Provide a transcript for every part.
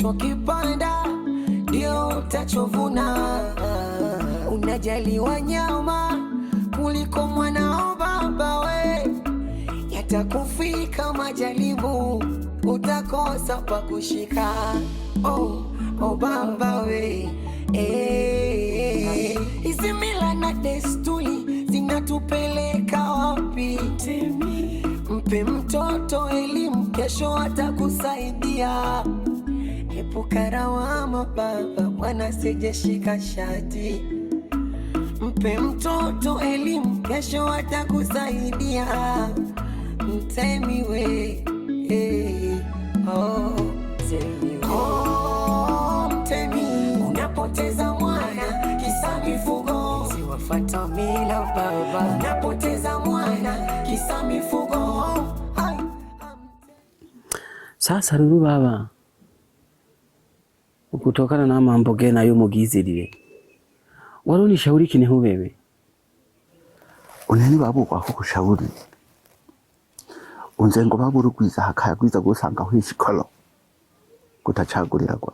unachokipanda ndio utachovuna. Unajali wanyama kuliko mwanao baba we, yatakufika majaribu utakosa pa kushika. Oh, oh baba we eh, hizi mila na desturi zinatupeleka wapi? Mpe mtoto elimu, kesho atakusaidia. Epuka wa mababa, mwana asijeshika shati. Mpe mtoto elimu, kesho atakusaidia. Mtemi we, hey, oh, mtemi we. mtemi, unapoteza mwana kisa mifugo, siwafata mila baba, unapoteza mwana kisa mifugo. Sasa ndugu baba kutokana mambo gena yo mugizirire waronishauri kine hubebe unani babukwa ko kushauri unze ngo baburugwiza hakayagwiza gusanga hishikolo kutachaguliragwa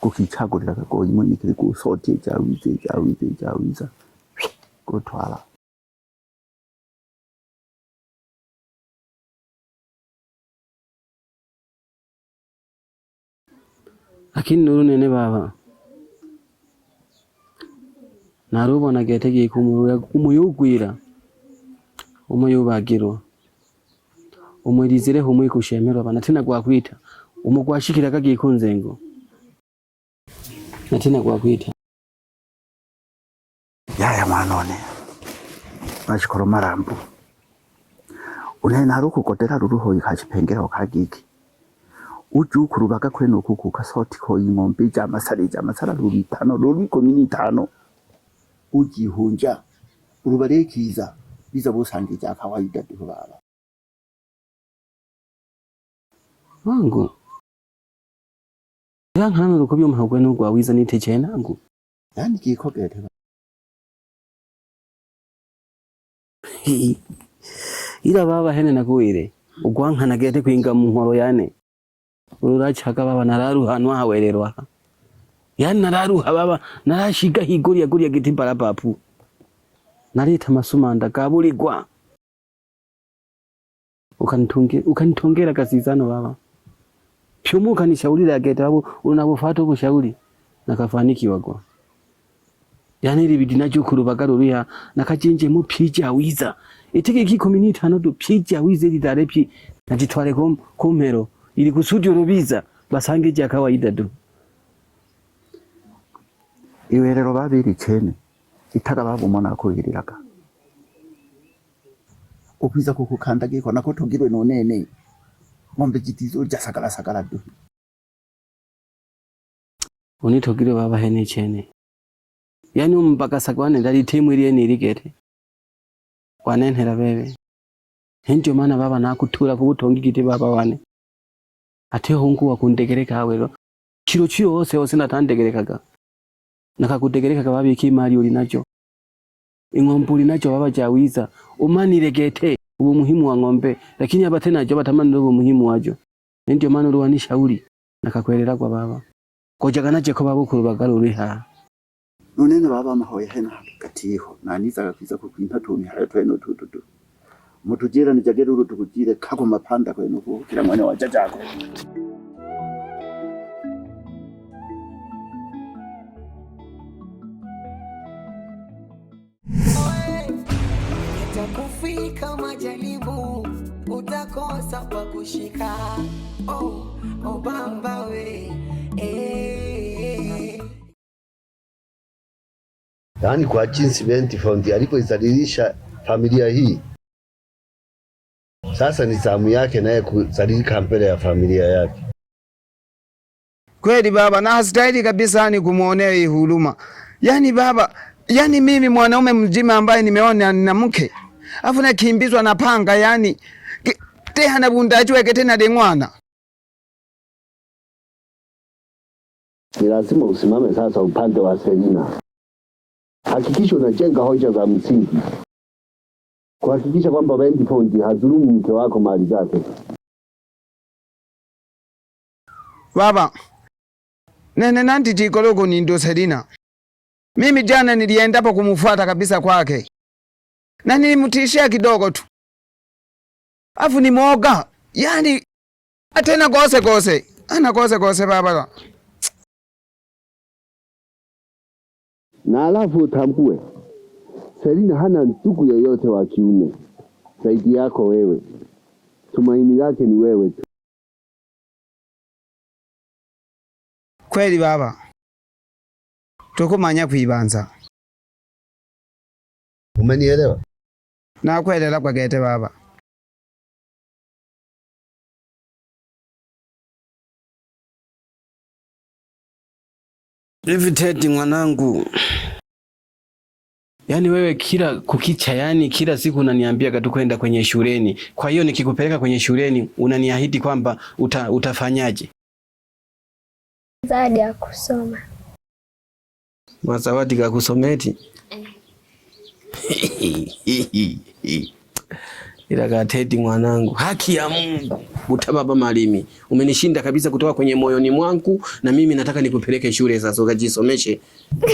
kwa ko yimunikire kusote jawize jawize jawiza kutwala lakini nuru nene baba narubonaga yategeka umuyugwira umuyubagirwa humwe kushemerwa bana tina gwakwita umugwashikira na tena kwa kwita yaya manone bashikoro marambu unene kotera ruruho ikachipengera ukagiki ujukuru bagakore no kuku kasoti ko ingombe ja masari ja masara tano uji minitano ujihunja kiza biza bosange ja kawaida dubara wangu yankana nuko byo muhagwe n'ugwa wiza ni niteje nangu yani giko gete ira baba hene nakuire ugwankana gete kwinga mu nkoro yane ururachaka baba nararuhanwa hawererwa yani nararuha baba narashika higuriya guriya giti parapapu narita amasumanda gabuligwa ukanitongera kasizano baba pyomuka nishaurira ageta babu unapofuata ushauri nakafanikiwa kwa yani ili bidina jukuru bagaruria nakachinje mu pija wiza itegeki community hano do pija wize lidare pi najitware kumpero ili kusudi urubiza basange ja kawaida du iwe rero babiri icenda itara babumona kubiriraga ukwiza kukukandagirwa nako tugirwe nonene ngombe jitizo sakala sagala du unitogire baba hene chene yani umbaka sakwane dali timu ile iliye niligete wanenhera bebe hendio maana baba nakutura kukutongigite baba wane ate hunku wakundegereka hawero chiro ose ose na natandegerekaga nakakutegerekaga babika imali uli nacho ing'ombe uli nacho baba jawiza umaniregete ubu muhimu wa ng'ombe lakini hapa tena jo batamani ubu muhimu wajo ndio maana uli wanishauri nakakwerera kwa baba kojaga naje ko babukuru bagaruri ha none baba mahoye hena hagatiho nanizaga kukwinta kukwintatuni hayo tweno tututu mutuchira nichagere uru tukujire kako mapanda kwenuku kila mwana wacha chako majaribu utakosa pa kushika. Oh, obamba oh, we eh, eh, eh. Yaani kwa jinsi alipoizalilisha familia hii sasa ni zamu yake naye kusadirika mbele ya familia yake. Kweli baba, na hastahili kabisa ni kumwonea huruma. Yaani baba, yaani mimi mwanaume mjima ambaye nimeona na mke afu nakimbizwa na panga, yani teha na bundajiweke tena deng'wana. Ni lazima usimame sasa upande wa Selina, hakikisha unajenga hoja za msingi kuhakikisha kwamba wendi fundi hadhulumu mke wako mali zake. Baba nene nanti chikologo ni ndo Mimi jana niliendapo kumufuata kabisa kwake na nilimutishia kidogo tu, afu ni moga yani atena kose kose ana kose kose baba, na alafu utambue Selina hana ndugu yeyote wa kiume zaidi yako wewe. Tumaini lake ni wewe tu. Kweli baba, tukumanya kuibanza. Umenielewa? Nakuelewa kwa gete baba. Hivi David, mwanangu Yaani wewe kila kukicha, yani kila siku unaniambia kwenda kwenye shuleni. Kwa hiyo nikikupeleka kwenye shuleni unaniahidi kwamba uta, utafanyaje? Zawadi ya kusoma. Mazawadi ya kusometi eh. ila kateti mwanangu, haki ya Mungu buta baba malimi, umenishinda kabisa kutoka kwenye moyoni mwangu, na mimi nataka nikupeleke shule sasa ukajisomeshe.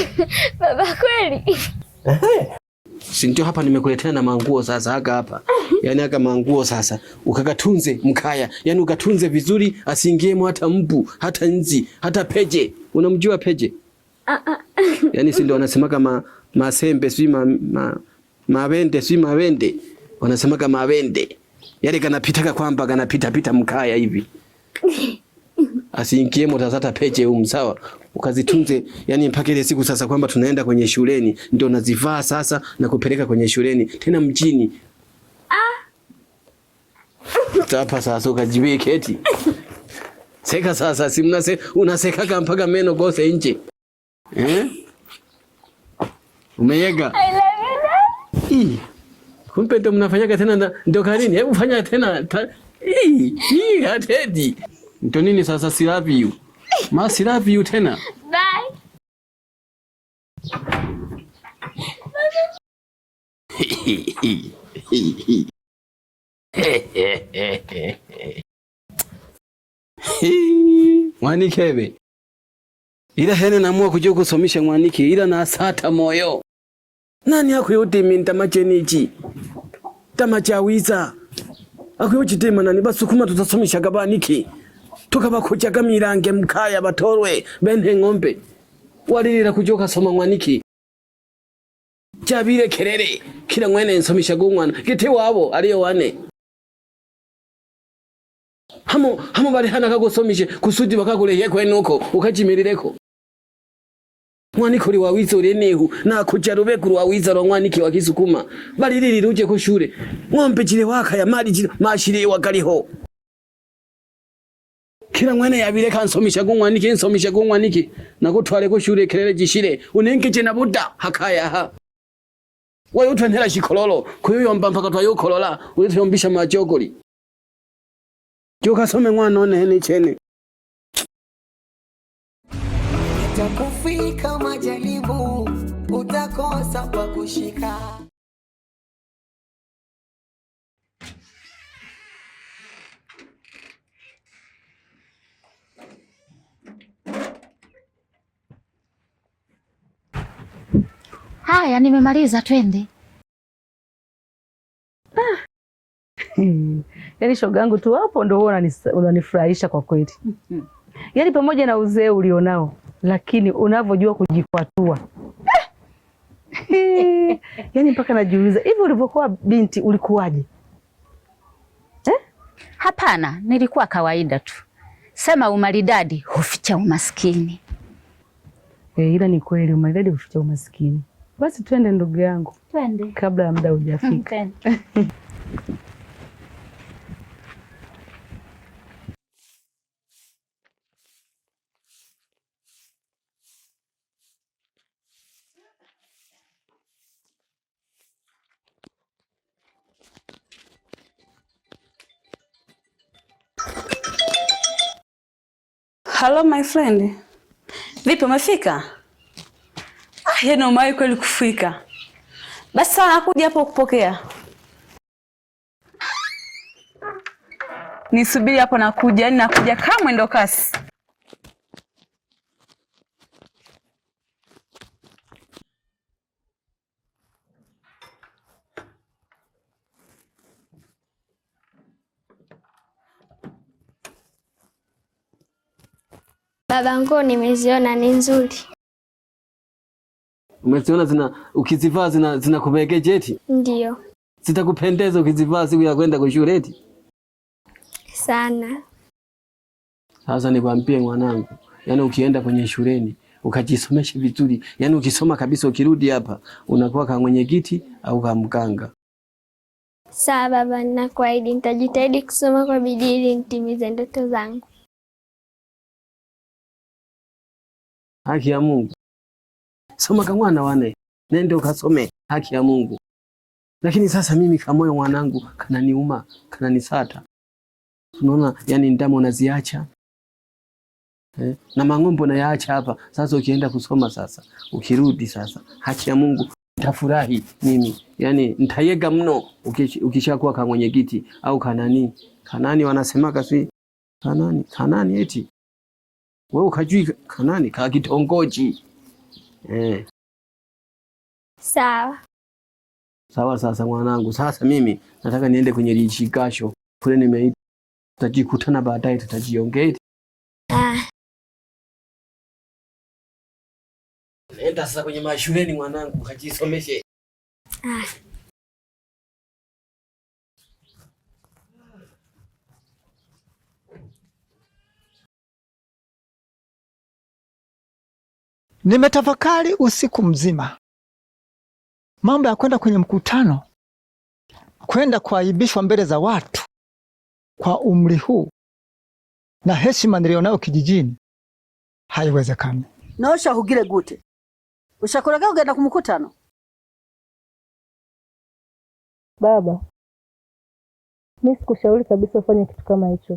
Baba kweli Si ndio hapa nimekuletea na manguo sasa, haka hapa yani, haka manguo sasa, ukakatunze mkaya, yani ukatunze vizuri, asiingiemo hata mbu hata nzi hata peje. Unamjua peje? Ah, ah. Yani si ndio wanasemaga ma, masembe si ma, ma, mawende si mawende, wanasemaga mawende, yani kanapitaga kwamba kanapita pita mkaya hivi asiingiemo tazata peche huu sawa, ukazitunze yani mpaka ile siku sasa kwamba tunaenda kwenye shuleni, ndio nazivaa sasa na kupeleka kwenye shuleni tena mjini. tapa sasa ukajibie keti seka sasa, si mnase unasekaka mpaka meno gose nje eh, umeyega I love you. Kumbe ndo mnafanyaga tena, ndo karini, hebu fanya tena. ii, ii, hatedi Ndio nini sasa, si love you ma, si love you tena bye. Mwanikebe ila hene namua kuja kusomesha mwaniki ila nasata moyo nani akuyotimi ntamachenichi tamachawiza akuyocitima nani basukuma tutasomeshaga baniki tukaba kujaga mirange mkaya batorwe bene ng'ombe waririra kujoka soma mwaniki kerere kila mwene nsomisha gumwana giti wabo ariyo wane hamo hamo bari hana kagusomishe kusudi bakagureye kwenuko ukajimirireko mwanikuri wawizore nehu nakuja rubekuru wawizaro mwaniki wakisukuma baliririra uje kushure ng'ombe jire wakaya mali jino mashire wakaliho kila mwana yabireka nsomesha gunywa niki nsomesha gunywa niki nagutware kushure kelele jishire unengeje na buda hakaya ha wewe utwentera shikololo kuyomba mpaka twayokolola uyombisha majogoli joka some mwana one hene chene utakufika majaribu utakosa pa kushika Haya, nimemaliza, twende. Ah. Yaani shogangu tu hapo ndo huwa unanifurahisha kwa kweli. Yaani pamoja na uzee ulionao, lakini unavyojua kujikwatua yaani mpaka najiuliza hivi, ulivyokuwa binti ulikuwaje eh? Hapana, nilikuwa kawaida tu, sema umaridadi huficha umaskini. E, ila ni kweli umaridadi huficha umaskini. Basi twende ndugu yangu, twende kabla ya muda hujafika. Hello my friend, vipi umefika? yani umewahi kweli kufika. Basi sana nakuja hapo kupokea. Nisubiri hapo, nakuja. Yani nakuja kama mwendo kasi. baba nguo nimeziona ni nzuri. Umeziona zina ukizivaa zina zinakupelekea cheti? Ndio. Zitakupendeza ukizivaa siku ya kwenda kushule eti? Sana. Sasa nikwambie mwanangu, yaani ukienda kwenye shuleni ukajisomesha vizuri, yaani ukisoma kabisa, ukirudi hapa unakuwa kama mwenyekiti au kama mkanga. Sawa baba, nakuahidi nitajitahidi kusoma kwa bidii ili nitimize ndoto zangu. Haki ya Mungu soma kama mwana wane, nende ukasome haki ya Mungu. Lakini sasa mimi kamoyo mwanangu kananiuma, kananisata. Unaona, yani ndama unaziacha eh, na mang'ombo unayaacha hapa. Sasa ukienda kusoma sasa, ukirudi sasa haki ya Mungu nitafurahi mimi, yani nitayega mno ukishakuwa kamwenyekiti au kanani kanani, wanasemaga si kanani kanani, eti wewe ukajui kanani ka kitongoji Eh. Sawa. Sawa sasa mwanangu. Sasa mimi nataka niende kwenye lichikasho. Kule nimeita tutajikutana baadaye tutajiongea. Ah. Nenda sasa kwenye mashuleni mwanangu, kajisomeshe. Ah. Nimetafakari usiku mzima mambo ya kwenda kwenye mkutano, kwenda kuaibishwa mbele za watu kwa umri huu na heshima nilionayo kijijini, haiwezekani. nawe gute ushakoraga ugenda kumkutano Baba, mi sikushauri kabisa ufanye kitu kama hicho,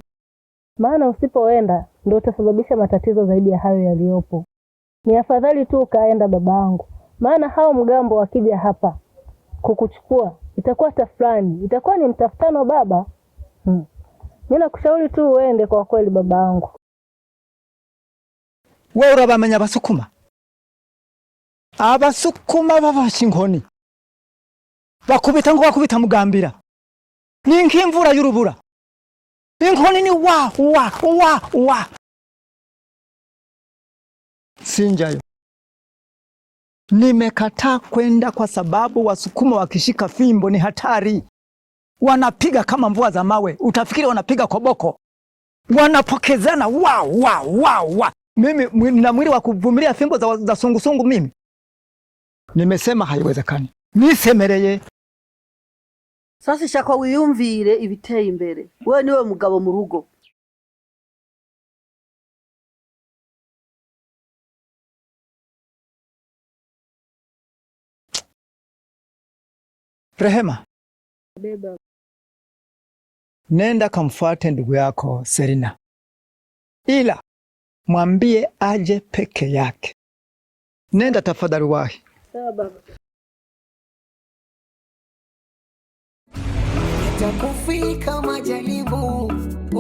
maana usipoenda ndio utasababisha matatizo zaidi ya hayo yaliyopo ni afadhali tu ukaenda babangu, maana hao mgambo wakija hapa kukuchukua itakuwa tafrani, itakuwa ni mtafutano baba. Hmm. Mimi nakushauri tu uende kwa kweli babangu. We urabamenya basukuma abasukuma babashingoni bakubita ngo bakubita mugambira ni nk'imvura y'urubura inkoni ni wa wa wa wa sinjayo. Nimekataa kwenda kwa sababu Wasukuma wakishika fimbo ni hatari, wanapiga kama mvua za mawe, utafikiri wanapiga koboko, wanapokezana wa wa wa wa. Mimi na mwili wa kuvumilia fimbo za, za sungusungu mimi nimesema haiwezekani, nisemereye sasa shaka wiyumvire ibiteye imbere, wewe niwe mugabo mu rugo Rehema, beba, nenda kamfuate ndugu yako Serina, ila mwambie aje peke yake. Nenda tafadhali, wahi. Sawa baba. majaribu,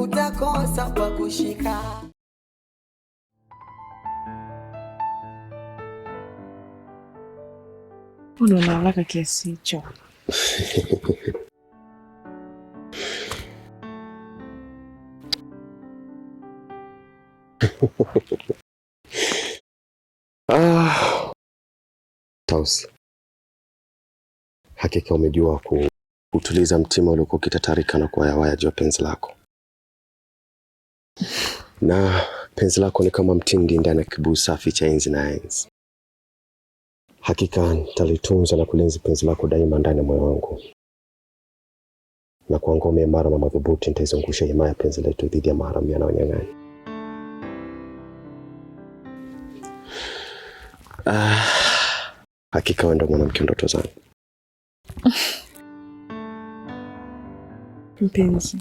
utakosa pa kushika. Mbona una haraka kiasi hicho? Ah, Tausi, hakika umejua kutuliza mtima uliokuwa ukitatarika na kuwayawaya juu ya penzi lako, na penzi lako ni kama mtindi ndani ya kibuyu safi cha enzi na enzi. Hakika nitalitunza na kulinzi penzi lako daima ndani ya moyo wangu, na kwa ngome imara na madhubuti nitaizungusha himaya ya penzi letu dhidi ya maharamia na wanyang'anyi. Ah, hakika wewe ndo mwanamke ndoto zangu mpenzi.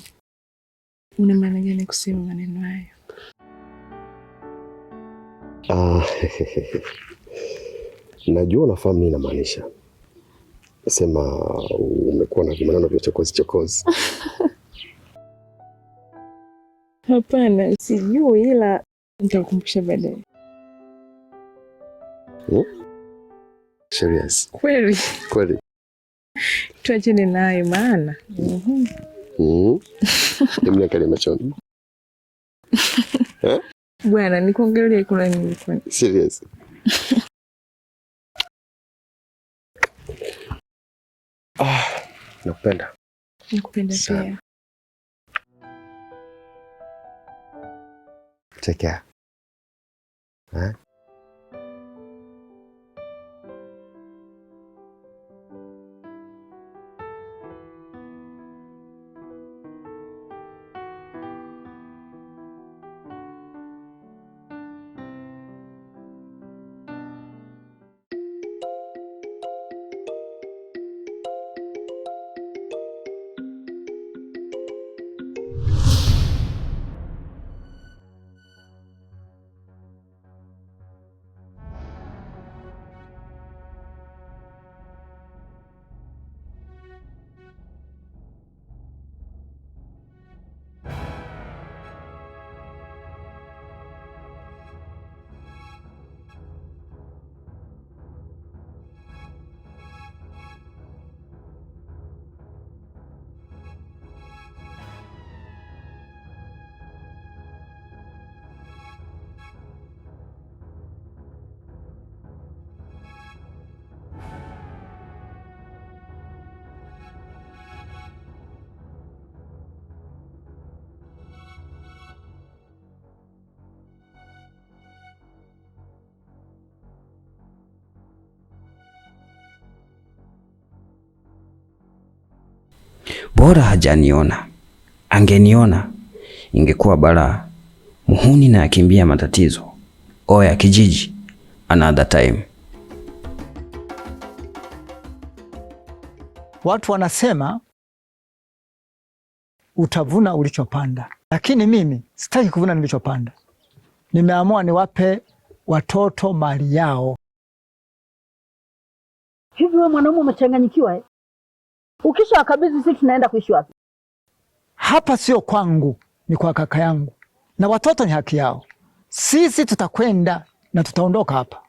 Una maana gani kusema maneno hayo? Ah, najua unafahamu nini namaanisha. Sema umekuwa na vimaneno vya chokozi chokozi. Hapana, sijui, ila nitakukumbusha baadaye. Hmm? Kweli kweli, tuachane nayo maana mhm. hmm? nimlekale machoni eh? bwana, nikuongelee kuna nini? Serious. Ah, nakupenda. Nakupenda pia. Take care. Eh? Bora hajaniona, angeniona ingekuwa balaa. Muhuni na akimbia matatizo. Oya kijiji, another time. Watu wanasema utavuna ulichopanda, lakini mimi sitaki kuvuna nilichopanda. Nimeamua niwape watoto mali yao. Hivi wewe mwanaume umechanganyikiwa eh? Ukisha wakabidhi sisi tunaenda kuishi wapi? Hapa sio kwangu, ni kwa kaka yangu, na watoto ni haki yao. Sisi tutakwenda na tutaondoka hapa,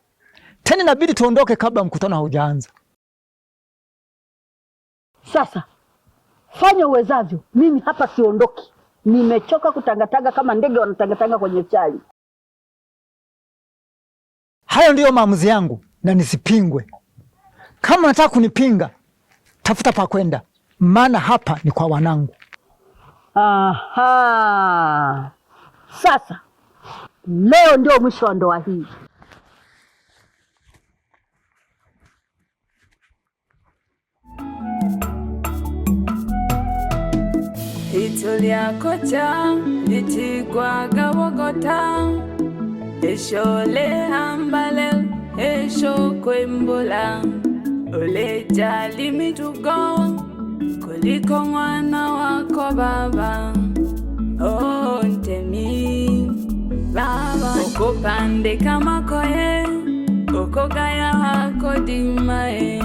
tena inabidi tuondoke kabla mkutano haujaanza. Sasa fanya uwezavyo, mimi hapa siondoki, nimechoka kutangatanga kama ndege wanatangatanga kwenye chali. Hayo ndiyo maamuzi yangu na nisipingwe. Kama nataka kunipinga tafuta pa kwenda, maana hapa ni kwa wanangu. Aha. Sasa leo ndio mwisho wa ndoa hii. itulyakoca licigwaga wogota eshole hambale eshokwembula Ole, jali mitugo kuliko mwana wako baba. Oh, Ntemi baba, ukupande kama koye ukugaya hako dimae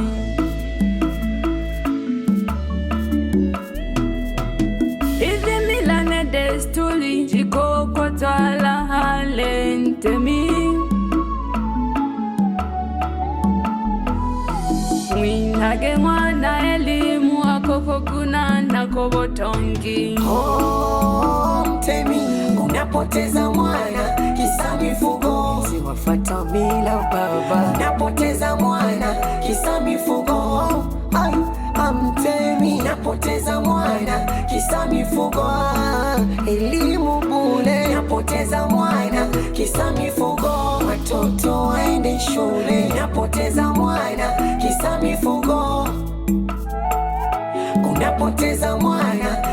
Kage mwana elimu akokokuna na kobotongi oh, mtemi unapoteza mwana kisa mifugo siwafata bila baba unapoteza mwana kisa mifugo mtemi, napoteza mwana kisa mifugo. Ah, elimu bule napoteza mwana kisa mifugo. Watoto waende shule, napoteza mwana kisa mifugo. Unapoteza mwana